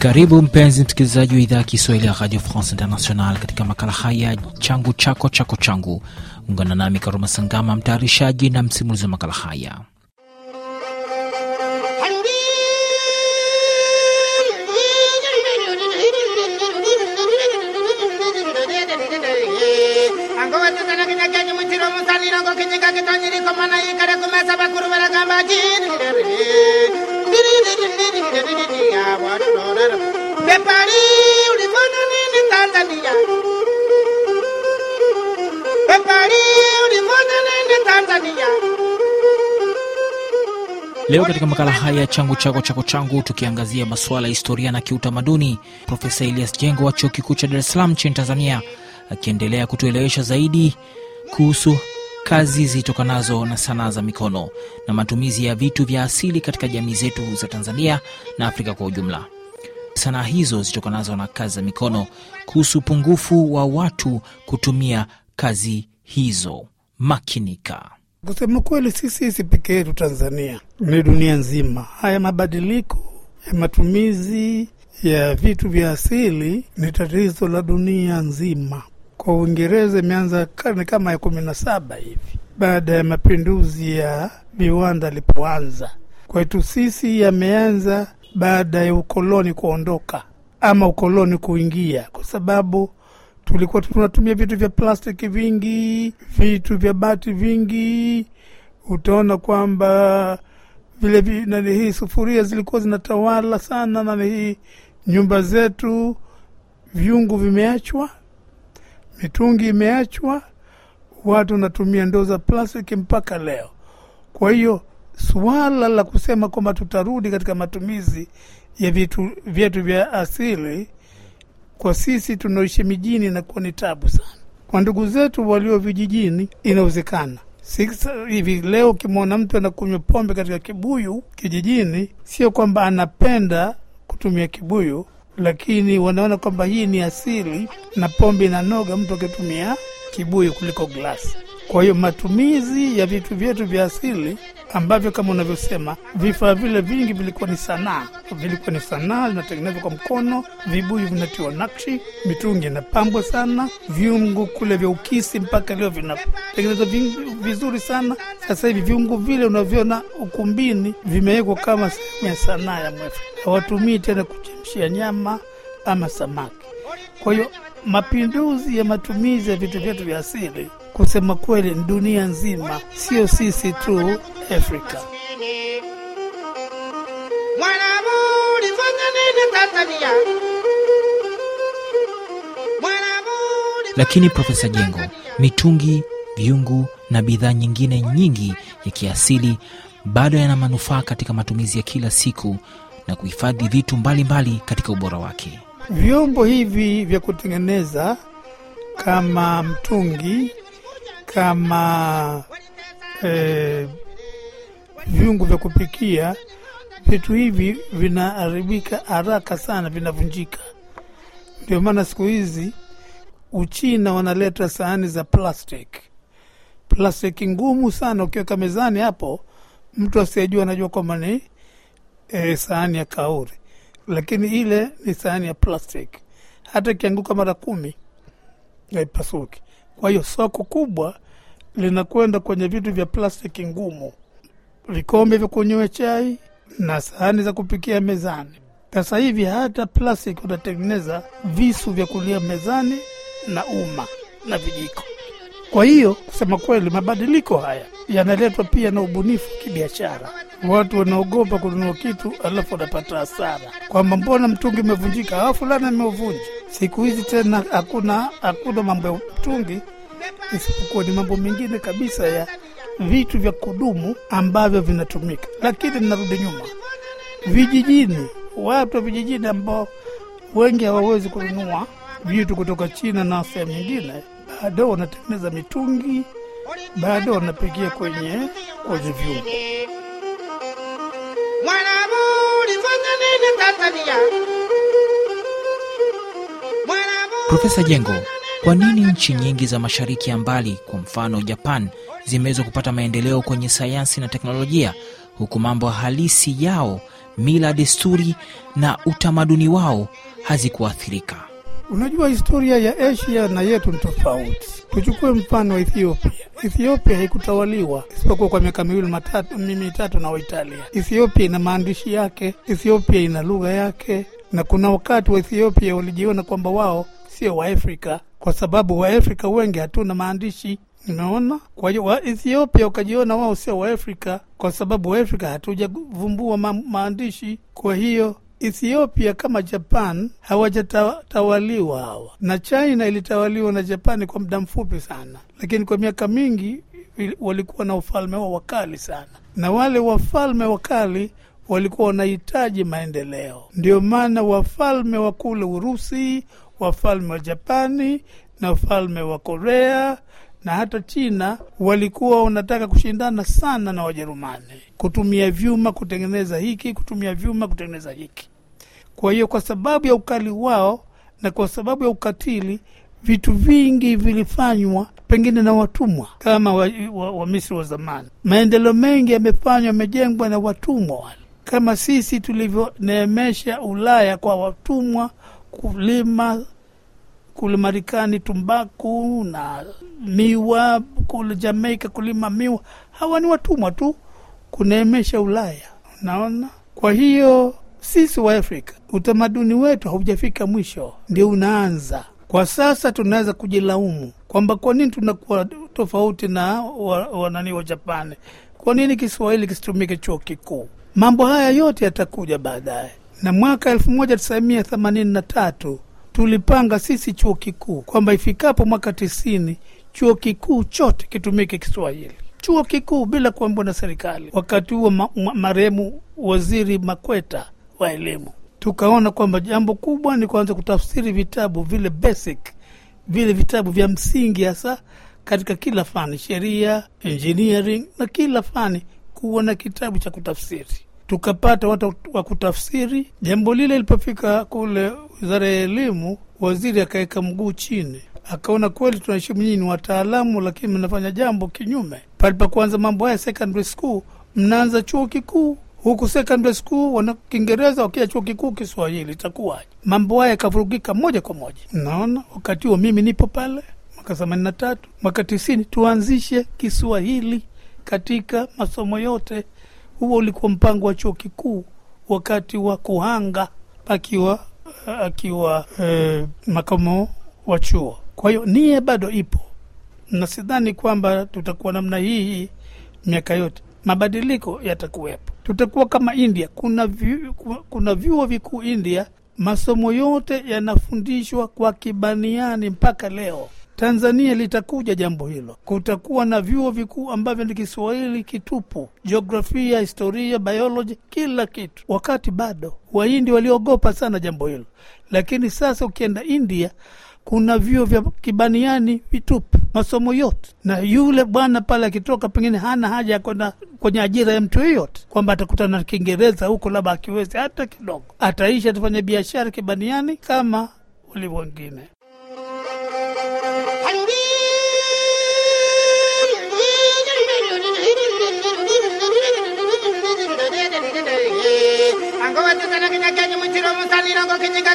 Karibu mpenzi msikilizaji wa idhaa ya Kiswahili ya Radio France International katika makala haya changu chako chako changu. Ungana nami Karuma Sangama, mtayarishaji na msimulizi wa makala haya. Leo katika makala haya changu chako chako changu, tukiangazia masuala ya historia na kiutamaduni, Profesa Elias Jengo wa chuo kikuu cha dares Salaam nchini Tanzania akiendelea kutuelewesha zaidi kuhusu kazi zitokanazo na sanaa za mikono na matumizi ya vitu vya asili katika jamii zetu za Tanzania na Afrika kwa ujumla. Sanaa hizo zitokanazo na kazi za mikono, kuhusu upungufu wa watu kutumia kazi hizo. Makinika. Kusema kweli, sisi si peke yetu Tanzania, ni dunia nzima. Haya mabadiliko ya matumizi ya vitu vya asili ni tatizo la dunia nzima kwa Uingereza imeanza karne kama ya kumi na saba hivi baada ya mapinduzi ya viwanda alipoanza. Kwetu sisi yameanza baada ya ukoloni kuondoka ama ukoloni kuingia, kwa sababu tulikuwa tunatumia vitu vya plastiki vingi, vitu vya bati vingi. Utaona kwamba vile nani hii sufuria zilikuwa zinatawala sana nani hii nyumba zetu, vyungu vimeachwa mitungi imeachwa, watu wanatumia ndoo za plastiki mpaka leo. Kwa hiyo suala la kusema kwamba tutarudi katika matumizi ya vitu vyetu vya asili, kwa sisi tunaoishi mijini inakuwa ni tabu sana. Kwa ndugu zetu walio vijijini inawezekana. Hivi leo ukimwona mtu anakunywa pombe katika kibuyu kijijini, sio kwamba anapenda kutumia kibuyu lakini wanaona kwamba hii ni asili na pombe inanoga mtu akitumia kibuyu kuliko glasi. Kwa hiyo matumizi ya vitu vyetu vya asili ambavyo kama unavyosema vifaa vile vingi vilikuwa ni sanaa, vilikuwa ni sanaa vinatengenezwa kwa mkono, vibuyu vinatiwa nakshi, mitungi inapambwa sana, vyungu kule vya ukisi mpaka leo vinatengenezwa vizuri sana. Sasa hivi vyungu vile unavyoona ukumbini vimewekwa kama sehemu ya sanaa ya mwefu, hawatumii tena kuch mapishi ya nyama ama samaki. Kwa hiyo mapinduzi ya matumizi ya vitu vyetu vya asili kusema kweli ni dunia nzima, sio sisi tu Afrika. Lakini Profesa Jengo, mitungi, viungu na bidhaa nyingine nyingi ya kiasili bado yana manufaa katika matumizi ya kila siku na kuhifadhi vitu mbalimbali mbali katika ubora wake. Vyombo hivi vya kutengeneza kama mtungi, kama eh, vyungu vya kupikia, vitu hivi vinaharibika haraka sana, vinavunjika. Ndio maana siku hizi Uchina wanaleta sahani za plastic, plastiki ngumu sana. Ukiweka mezani hapo, mtu asiyejua anajua kwamba ni eh, sahani ya kauri, lakini ile ni sahani ya plastic, hata ikianguka mara kumi haipasuki. Kwa hiyo soko kubwa linakwenda kwenye vitu vya plastiki ngumu, vikombe vya kunywa chai na sahani za kupikia mezani. Sasa hivi hata plastiki unatengeneza visu vya kulia mezani na uma na vijiko. Kwa hiyo kusema kweli, mabadiliko haya yanaletwa pia na ubunifu kibiashara watu wanaogopa kununua kitu alafu wanapata hasara, kwamba mbona mtungi umevunjika, a fulani ameuvunja. Siku hizi tena hakuna hakuna mambo ya mtungi, isipokuwa ni mambo mengine kabisa ya vitu vya kudumu ambavyo vinatumika. Lakini ninarudi nyuma vijijini, watu wa vijijini ambao wengi hawawezi kununua vitu kutoka China na sehemu nyingine, baadao wanatengeneza mitungi, baadao wanapikia kwenye kwenye vyumba Profesa Jengo, kwa nini nchi nyingi za mashariki ya mbali, kwa mfano Japan, zimeweza kupata maendeleo kwenye sayansi na teknolojia, huku mambo halisi yao, mila, desturi na utamaduni wao hazikuathirika? Unajua historia ya Asia na yetu ni tofauti. Tuchukue mfano wa Ethiopia. Ethiopia haikutawaliwa isipokuwa kwa miaka miwili matatu, mitatu na Waitalia. Ethiopia ina maandishi yake, Ethiopia ina lugha yake, na kuna wakati wa Ethiopia walijiona kwamba wao sio Waafrika kwa sababu Waafrika wengi hatuna maandishi naona Kwa hiyo wa Ethiopia ukajiona wao sio Waafrika kwa sababu Waafrika hatujavumbua ma maandishi. Kwa hiyo Ethiopia kama Japan hawajatawaliwa hawa, na China ilitawaliwa na Japani kwa muda mfupi sana, lakini kwa miaka mingi walikuwa na ufalme wao wakali sana, na wale wafalme wakali walikuwa wanahitaji maendeleo. Ndio maana wafalme wa kule Urusi, wafalme wa Japani na wafalme wa Korea na hata China walikuwa wanataka kushindana sana na Wajerumani, kutumia vyuma kutengeneza hiki, kutumia vyuma kutengeneza hiki. Kwa hiyo kwa sababu ya ukali wao na kwa sababu ya ukatili, vitu vingi vilifanywa pengine na watumwa kama Wamisri wa, wa, wa zamani. Maendeleo mengi yamefanywa, yamejengwa na watumwa wale, kama sisi tulivyoneemesha Ulaya kwa watumwa kulima kule Marekani tumbaku na miwa, kule Jamaika kulima miwa. Hawa ni watumwa tu kuneemesha Ulaya, unaona. Kwa hiyo sisi wa afrika utamaduni wetu haujafika mwisho, ndio unaanza kwa sasa. Tunaweza kujilaumu kwamba kwa nini tunakuwa tofauti na wanani wa, wa Japani. Kwa nini Kiswahili kisitumike chuo kikuu? Mambo haya yote yatakuja baadaye, na mwaka elfu moja tisa mia themanini na tatu tulipanga sisi chuo kikuu kwamba ifikapo mwaka tisini chuo kikuu chote kitumike Kiswahili chuo kikuu bila kuambiwa na serikali. Wakati huo marehemu Waziri Makweta wa elimu, tukaona kwamba jambo kubwa ni kuanza kutafsiri vitabu vile basic, vile vitabu vya msingi, hasa katika kila fani, sheria, engineering na kila fani, kuwa na kitabu cha kutafsiri tukapata watu wa kutafsiri. Jambo lile lilipofika kule wizara ya elimu, waziri akaweka mguu chini, akaona kweli tunaheshimu nyinyi ni wataalamu, lakini mnafanya jambo kinyume. Palipa kuanza mambo haya secondary school, mnaanza chuo kikuu huku secondary school wana Kiingereza, wakija chuo kikuu Kiswahili, itakuwaje? Mambo haya yakavurugika moja kwa moja. Naona wakati huo mimi nipo pale mwaka themanini na tatu, mwaka tisini, tuanzishe Kiswahili katika masomo yote huo ulikuwa mpango wa chuo kikuu wakati wa Kuhanga akiwa akiwa e, eh, makamo wa chuo. Kwa hiyo nia bado ipo, na sidhani kwamba tutakuwa namna hii miaka yote. Mabadiliko yatakuwepo, tutakuwa kama India. Kuna kuna vyuo vikuu India, masomo yote yanafundishwa kwa Kibaniani mpaka leo. Tanzania litakuja jambo hilo. Kutakuwa na vyuo vikuu ambavyo ni Kiswahili kitupu, jiografia, historia, bioloji, kila kitu. Wakati bado Wahindi waliogopa sana jambo hilo, lakini sasa ukienda India kuna vyuo vya kibaniani vitupu, masomo yote, na yule bwana pale akitoka, pengine hana haja ya kwenda kwenye ajira ya mtu yoyote kwamba atakutana na Kiingereza huko, labda akiwezi hata kidogo, ataishi, atafanya biashara kibaniani kama wali wengine. nirongo kinyika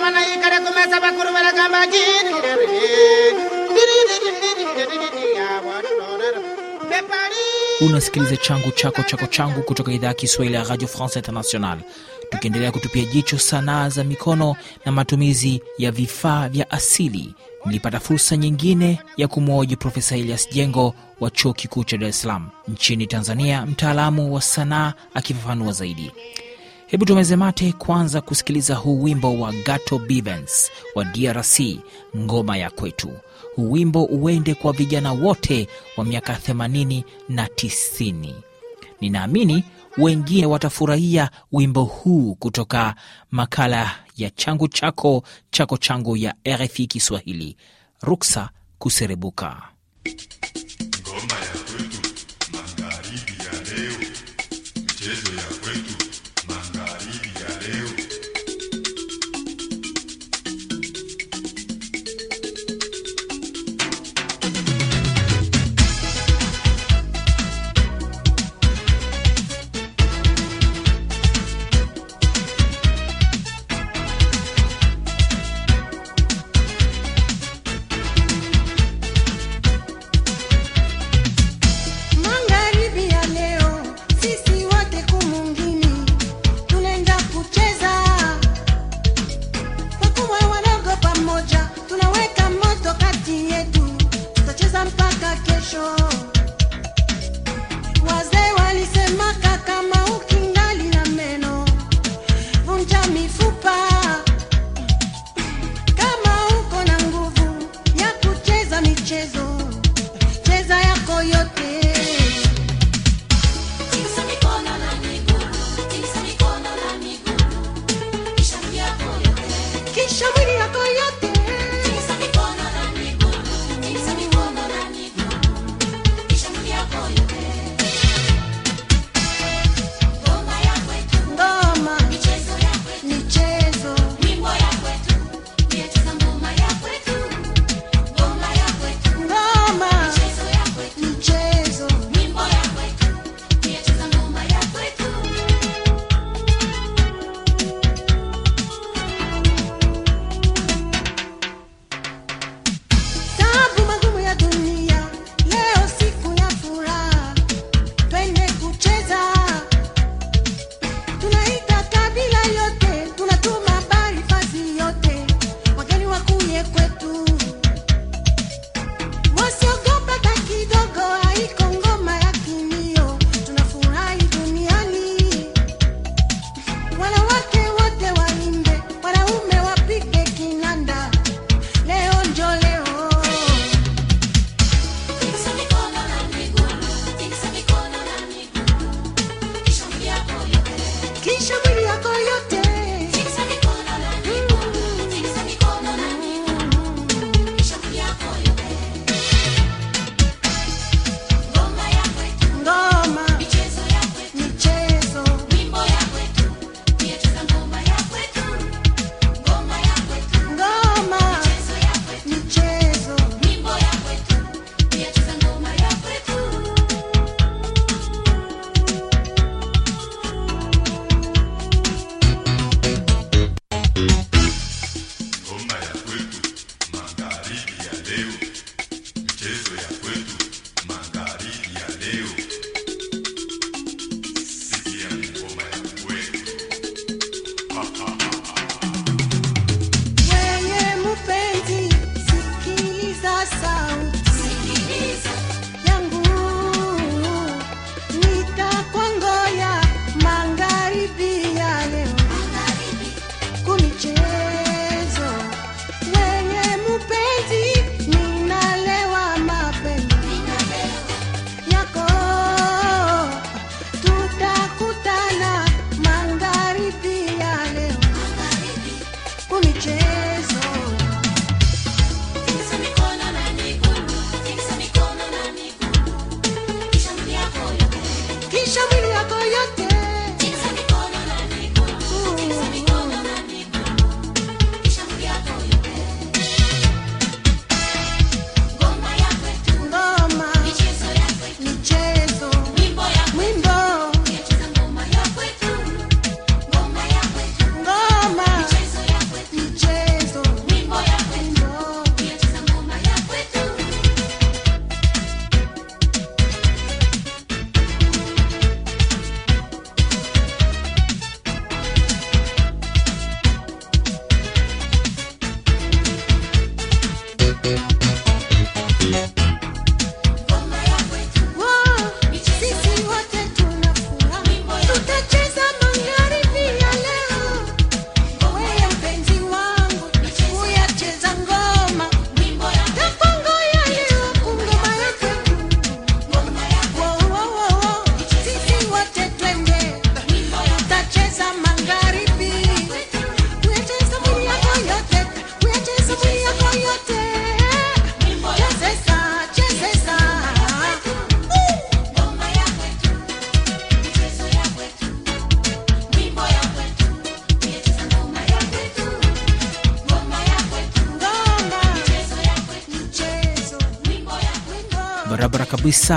mana kumesa bakuru baragamba unasikiliza changu chako chako changu kutoka idhaa ya kiswahili ya radio france international tukiendelea kutupia jicho sanaa za mikono na matumizi ya vifaa vya asili nilipata fursa nyingine ya kumwoji Profesa Elias Jengo wa Chuo Kikuu cha dares salam Salaam nchini Tanzania, mtaalamu wa sanaa akifafanua zaidi. Hebu tumeze mate kwanza kusikiliza huu wimbo wa Gato Bivens wa DRC, ngoma ya kwetu. Huu wimbo uende kwa vijana wote wa miaka 80 na 90. Ninaamini wengine watafurahia wimbo huu kutoka makala ya changu chako chako changu ya RFI Kiswahili. Ruksa kuserebuka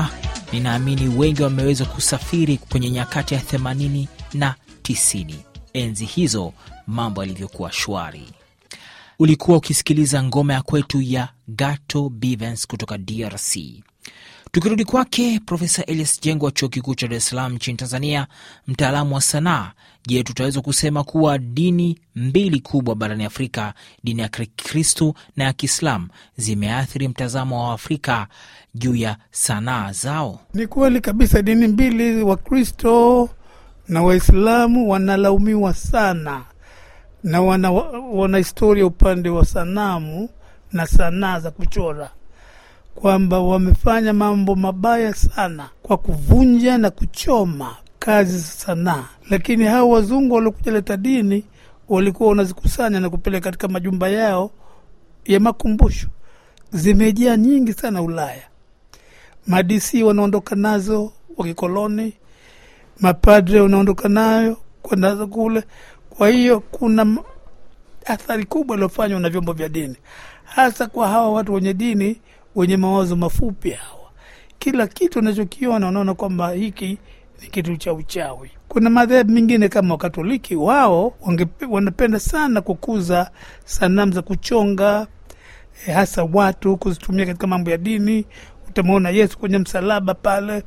sasa ninaamini wengi wameweza kusafiri kwenye nyakati ya 80 na 90, enzi hizo mambo yalivyokuwa shwari. Ulikuwa ukisikiliza ngoma ya kwetu ya Gato Bivens kutoka DRC. Tukirudi kwake Profesa Elias Jengo wa chuo kikuu cha Dar es Salaam nchini Tanzania, mtaalamu wa sanaa, je, tutaweza kusema kuwa dini mbili kubwa barani Afrika, dini ya Kikristu na ya Kiislamu, zimeathiri mtazamo wa Afrika juu ya sanaa zao? Ni kweli kabisa, dini mbili, Wakristo na Waislamu wanalaumiwa sana na wana, wana historia upande wa sanamu na sanaa za kuchora kwamba wamefanya mambo mabaya sana kwa kuvunja na kuchoma kazi za sanaa, lakini hao wazungu waliokuja leta dini walikuwa wanazikusanya na kupeleka katika majumba yao ya makumbusho. Zimejaa nyingi sana Ulaya. Madisi wanaondoka nazo wakikoloni, mapadre wanaondoka nayo kwenda kule. Kwa hiyo kuna athari kubwa iliyofanywa na vyombo vya dini, hasa kwa hawa watu wenye dini wenye mawazo mafupi hawa, kila kitu anachokiona unaona kwamba hiki ni kitu cha uchawi. Kuna madhehebu mengine kama Wakatoliki, wao wanapenda sana kukuza sanamu za kuchonga e, hasa watu kuzitumia katika mambo ya dini. Utamwona Yesu kwenye msalaba pale.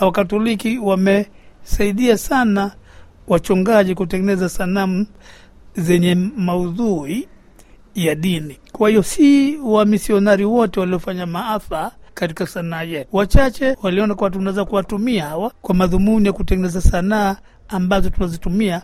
Wakatoliki wamesaidia sana wachongaji kutengeneza sanamu zenye maudhui ya dini. Kwa hiyo si wamisionari wote waliofanya maafa katika sanaa yetu. Wachache waliona kwa tunaweza kuwatumia hawa kwa madhumuni ya kutengeneza sanaa ambazo tunazitumia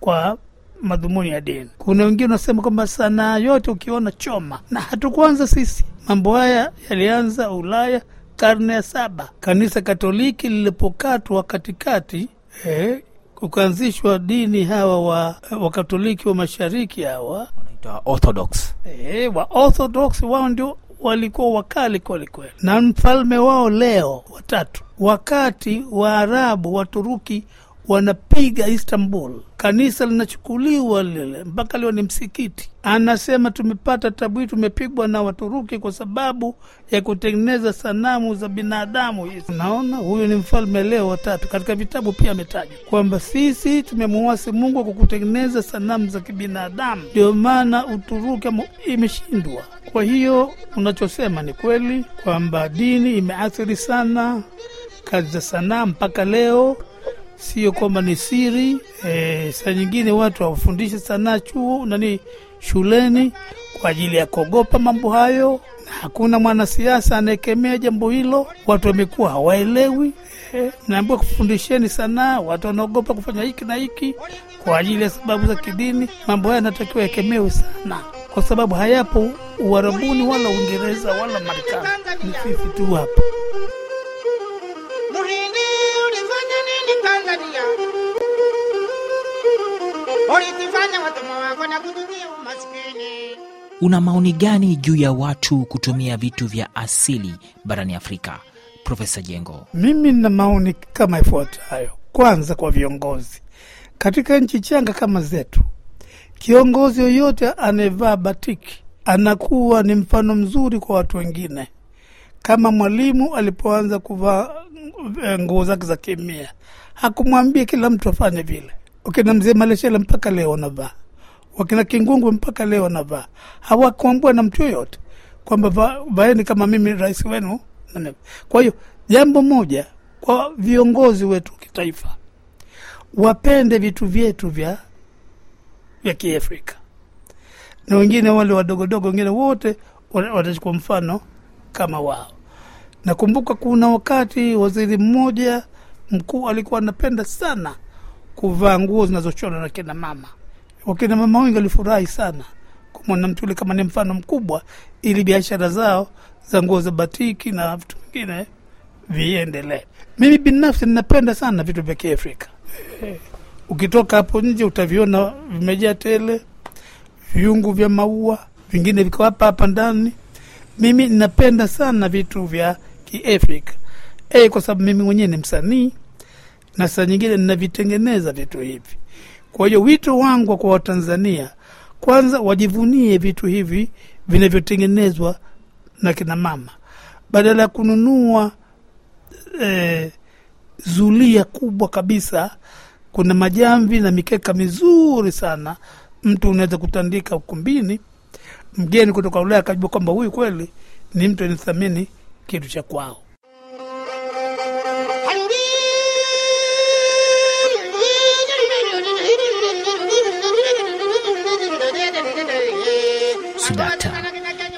kwa madhumuni ya dini. Kuna wengine wanasema kwamba sanaa yote ukiona choma, na hatukuanza sisi. Mambo haya yalianza Ulaya karne ya saba, kanisa Katoliki lilipokatwa katikati eh, kukaanzishwa dini hawa wa Wakatoliki wa mashariki hawa wanaitwa Orthodox. E, wa Orthodox wao ndio walikuwa wakali kwelikweli, na mfalme wao Leo watatu, wakati Waarabu Waturuki wanapiga Istanbul, kanisa linachukuliwa lile, mpaka leo ni msikiti. Anasema tumepata tabu hii, tumepigwa na Waturuki kwa sababu ya kutengeneza sanamu za binadamu hizi. Unaona, huyu ni mfalme Leo watatu. Katika vitabu pia ametaja kwamba sisi tumemuasi Mungu kwa kutengeneza sanamu za kibinadamu, ndio maana Uturuki imeshindwa. Kwa hiyo unachosema ni kweli kwamba dini imeathiri sana kazi za sanaa mpaka leo sio kwamba ni siri e, saa nyingine watu hawafundishi sanaa chuo nani shuleni kwa ajili ya kuogopa mambo hayo, na hakuna mwanasiasa anayekemea jambo hilo. Watu wamekuwa hawaelewi e, naambiwa kufundisheni sanaa, watu wanaogopa kufanya hiki na hiki kwa ajili ya sababu za kidini. Mambo haya yanatakiwa yakemewe sana, kwa sababu hayapo uharabuni wala Uingereza wala Marekani, ni fifi tu hapa. ulitufanya watumwa wako na kutumia umaskini. Una maoni gani juu ya watu kutumia vitu vya asili barani Afrika, Profesa Jengo? Mimi na maoni kama ifuatayo. Kwanza, kwa viongozi katika nchi changa kama zetu, kiongozi yoyote anayevaa batiki anakuwa ni mfano mzuri kwa watu wengine. Kama mwalimu alipoanza kuvaa eh, nguo zake za kemia, hakumwambia kila mtu afanye vile, wakina mzee Maleshela mpaka leo wanavaa, wakina Kingungwe mpaka leo wanavaa. Hawakuambua na mtu yoyote kwamba vaeni kama mimi rais wenu. Kwa hiyo jambo moja kwa viongozi wetu kitaifa, wapende vitu vyetu vya vya Kiafrika na wengine wale wadogodogo wengine wote watachukua mfano kama wao. Nakumbuka kuna wakati waziri mmoja mkuu alikuwa anapenda sana kuvaa nguo zinazochona na kina mama. Wakina mama wengi walifurahi sana kumwona mtu yule kama ni mfano mkubwa, ili biashara zao za nguo za batiki na vitu vingine viendelee. Mimi binafsi ninapenda sana vitu vya Kiafrika. Ukitoka hapo nje utaviona vimejaa tele, viungu vya maua, vingine viko hapa hapa ndani. Mimi ninapenda sana vitu vya Kiafrika e, kwa sababu mimi mwenyewe ni msanii na saa nyingine ninavitengeneza vitu hivi. Kwa hiyo wito wangu kwa Watanzania, kwanza wajivunie vitu hivi vinavyotengenezwa na kina mama, badala ya kununua eh, zulia kubwa kabisa. Kuna majamvi na mikeka mizuri sana, mtu unaweza kutandika ukumbini. Mgeni kutoka Ulaya akajua kwamba huyu kweli ni mtu anithamini kitu cha kwao.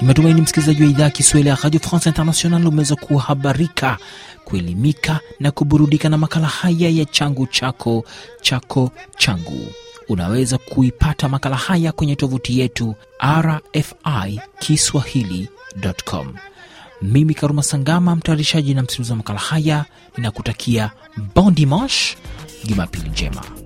Imatumaini msikilizaji wa idhaa ya Kiswahili ya Radio France International umeweza kuhabarika, kuelimika na kuburudika na makala haya ya changu chako chako changu. Unaweza kuipata makala haya kwenye tovuti yetu RFI Kiswahili.com. Mimi Karuma Sangama, mtayarishaji na msimulizi wa makala haya, ninakutakia bon dimanche, jumapili njema.